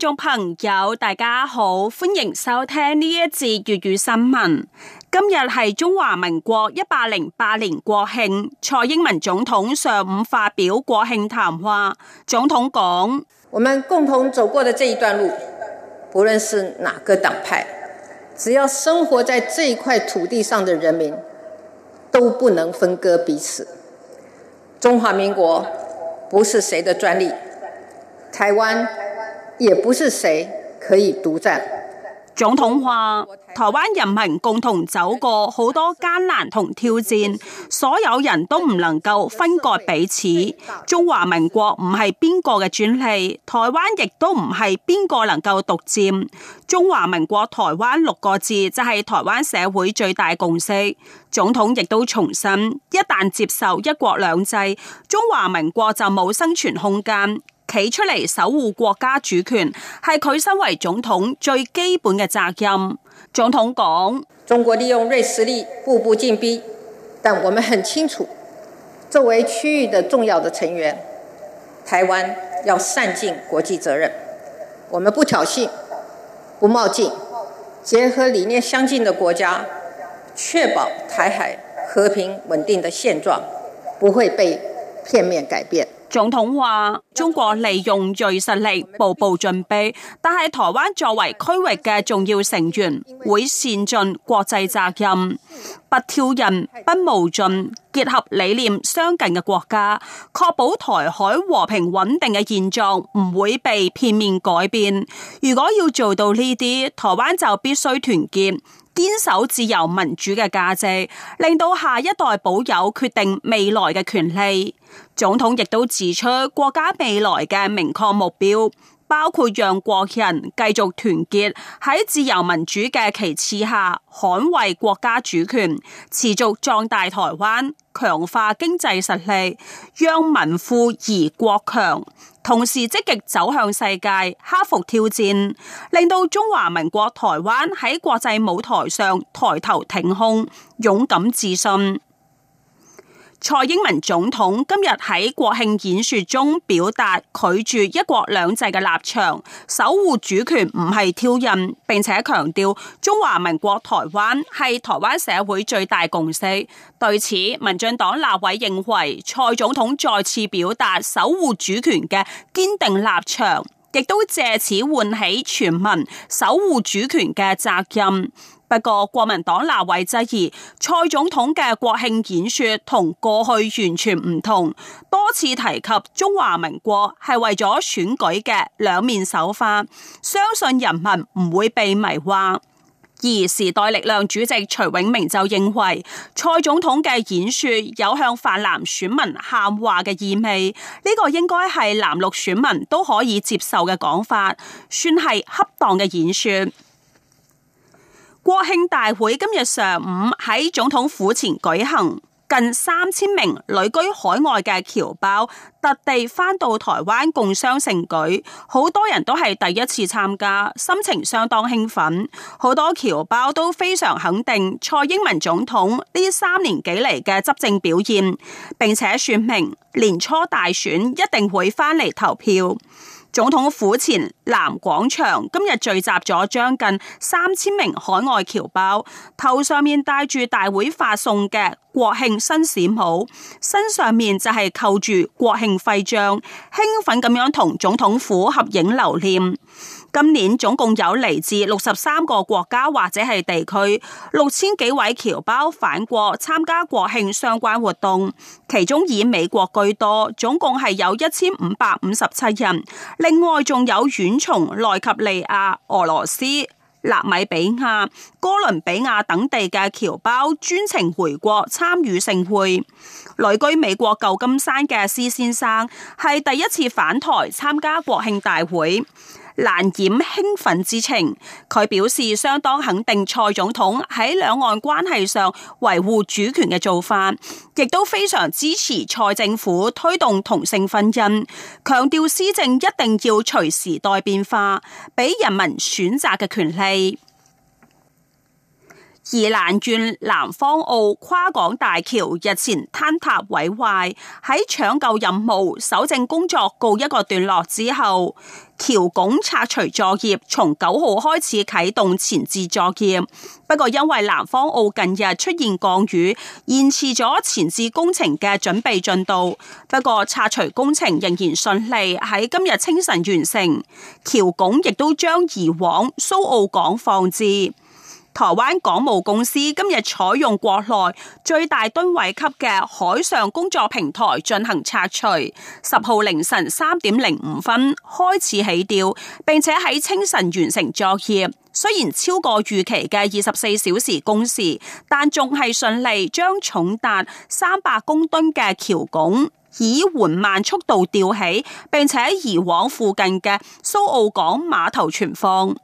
聽眾朋友，大家好，歡迎收聽呢一節粵語新聞。今日係中華民國一百零八年國慶，蔡英文總統上午發表國慶談話。總統講：我們共同走過的這一段路，不論是哪個黨派，只要生活在這一塊土地上的人民，都不能分割彼此。中華民國不是誰的專利，台灣，也不是誰可以獨佔。總統話：台灣人民共同走過好多艱難同挑戰，所有人都唔能夠分割彼此。中華民國唔係邊個嘅專利，台灣亦都唔係邊個能夠獨佔。中華民國台灣六個字就係台灣社會最大共識。總統亦都重申：一旦接受一國兩制，中華民國就冇生存空間。企出嚟守護國家主權，係佢身為總統最基本嘅責任。總統講：中國利用銳實力步步進逼，但我們很清楚，作為區域的重要的成員，台灣要善盡國際責任。我們不挑釁，不冒進，結合理念相近的國家，確保台海和平穩定的現狀不會被片面改變。總統話。中國利用銳實力步步進逼，但係台灣作為區域嘅重要成員，會善盡國際責任，不挑釁、不冒進，結合理念相近嘅國家，確保台海和平穩定嘅現狀唔會被片面改變。如果要做到呢啲，台灣就必須團結，堅守自由民主嘅價值，令到下一代保有決定未來嘅權利。總統亦都指出，國家。未來嘅明確目標包括讓國人繼續團結喺自由民主嘅旗幟下捍衛國家主權，持續壯大台灣，強化經濟實力，讓民富而國強，同時積極走向世界，克服挑戰，令到中華民國台灣喺國際舞台上抬頭挺胸，勇敢自信。蔡英文總統今日喺國慶演說中表達拒絕一國兩制嘅立場，守護主權唔係挑釁，並且強調中華民國台灣係台灣社會最大共識。對此，民進黨立委認為蔡總統再次表達守護主權嘅堅定立場，亦都借此喚起全民守護主權嘅責任。不過國民黨立委質疑蔡總統嘅國慶演說同過去完全唔同，多次提及中華民國係為咗選舉嘅兩面手法，相信人民唔會被迷惑。而時代力量主席徐永明就認為蔡總統嘅演說有向泛藍選民喊話嘅意味，呢個應該係藍綠選民都可以接受嘅講法，算係恰當嘅演說。國慶大會今日上午喺總統府前舉行，近三千名旅居海外嘅僑胞特地返到台灣共襄盛舉，好多人都係第一次參加，心情相當興奮。好多僑胞都非常肯定蔡英文總統呢三年幾嚟嘅執政表現，並且說明年初大選一定會返嚟投票。總統府前南廣場今日聚集咗將近三千名海外僑胞，頭上面戴住大會發送嘅國慶新閃帽，身上面就係扣住國慶徽章，興奮咁樣同總統府合影留念。今年總共有嚟自六十三個國家或者係地區六千幾位僑胞返國參加國慶相關活動，其中以美國居多，總共係有一千五百五十七人。另外仲有遠從奈及利亞、俄羅斯、納米比亞、哥倫比亞等地嘅僑胞專程回國參與盛會。旅居美國舊金山嘅施先生係第一次返台參加國慶大會。難掩興奮之情，佢表示相當肯定蔡總統喺兩岸關係上維護主權嘅做法，亦都非常支持蔡政府推動同性婚姻，強調施政一定要隨時代變化，俾人民選擇嘅權利。而南轉南方澳跨港大橋日前坍塌毀壞，喺搶救任務、搜證工作告一個段落之後，橋拱拆除作業從九號開始啟動前置作業，不過因為南方澳近日出現降雨，延遲咗前置工程嘅準備進度。不過拆除工程仍然順利喺今日清晨完成，橋拱亦都將移往蘇澳港放置。台灣港務公司今日採用國內最大噸位級嘅海上工作平台進行拆除，十號凌晨三點零五分開始起吊，並且喺清晨完成作業。雖然超過預期嘅二十四小時工時，但仲係順利將重達三百公噸嘅橋拱以緩慢速度吊起，並且移往附近嘅蘇澳港碼頭存放。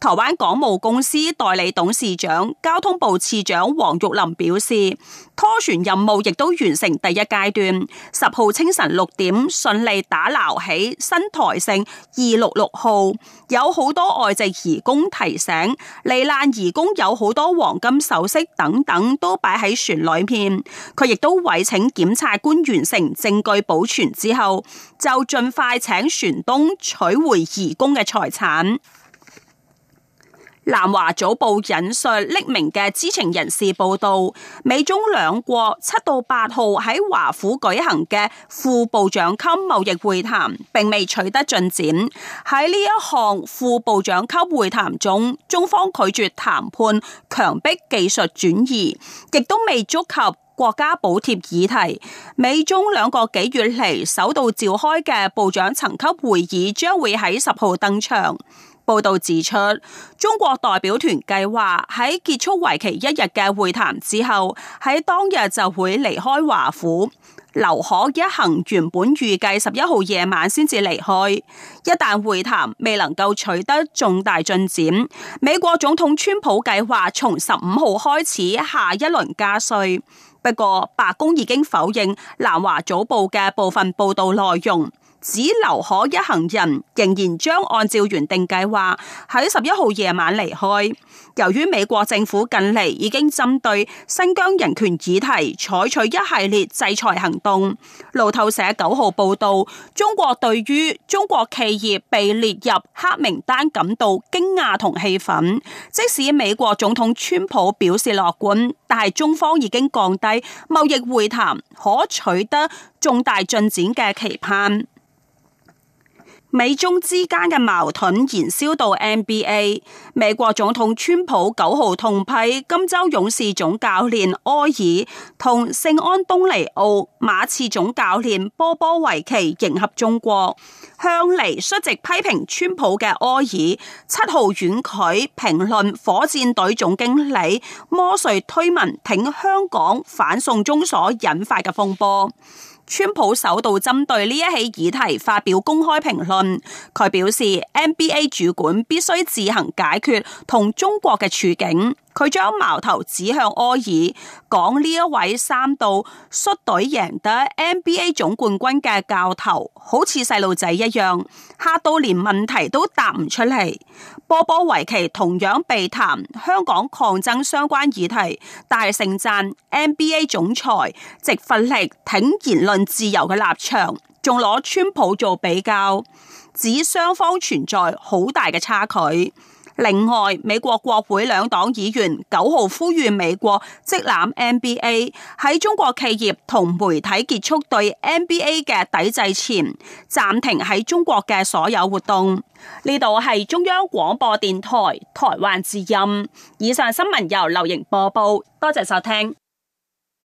台灣港務公司代理董事長、交通部次長黃玉林表示，拖船任務亦都完成第一階段。十號清晨六點順利打撈起新台勝二六六號，有好多外籍移工提醒，罹難移工有好多黃金首飾等等都擺喺船裏面。佢亦都委請檢察官完成證據保存之後，就盡快請船東取回移工嘅財產。南華早報引述匿名嘅知情人士報道，美中兩國七到八號喺華府舉行嘅副部長級貿易會談，並未取得進展。喺呢一項副部長級會談中，中方拒絕談判強迫技術轉移，亦都未觸及國家補貼議題。美中兩國幾月嚟首度召開嘅部長層級會議，將會喺十號登場。報道指出，中國代表團計劃喺結束為期一日嘅會談之後，喺當日就會離開華府。劉鶴一行原本預計十一號夜晚先至離開。一旦會談未能夠取得重大進展，美國總統川普計劃從十五號開始下一輪加稅。不過，白宮已經否認南華早報嘅部分報道內容。只劉鶴一行人，仍然將按照原定計劃喺十一號夜晚離開。由於美國政府近嚟已經針對新疆人權議題採取一系列制裁行動，路透社九號報道，中國對於中國企業被列入黑名單感到驚訝同氣憤。即使美國總統川普表示樂觀，但係中方已經降低貿易會談可取得重大進展嘅期盼。美中之間嘅矛盾燃燒到 NBA。美國總統川普九號痛批金州勇士總教練柯爾同聖安東尼奧馬刺總教練波波維奇迎合中國，向嚟率直批評川普嘅柯爾，七號遠距評論火箭隊總經理摩瑞推文挺香港反送中所引發嘅風波。川普首度針對呢一起議題發表公開評論，佢表示 NBA 主管必須自行解決同中國嘅處境。佢將矛頭指向柯爾，講呢一位三度率隊贏得 NBA 總冠軍嘅教頭，好似細路仔一樣，吓到連問題都答唔出嚟。波波維奇同樣被談香港抗爭相關議題，但係盛讚 NBA 總裁，直奮力挺言論自由嘅立場，仲攞川普做比較，指雙方存在好大嘅差距。另外，美國國會兩黨議員九號呼籲美國職籃 NBA 喺中國企業同媒體結束對 NBA 嘅抵制前，暫停喺中國嘅所有活動。呢度係中央廣播電台台灣之音。以上新聞由劉瑩播報，多謝收聽。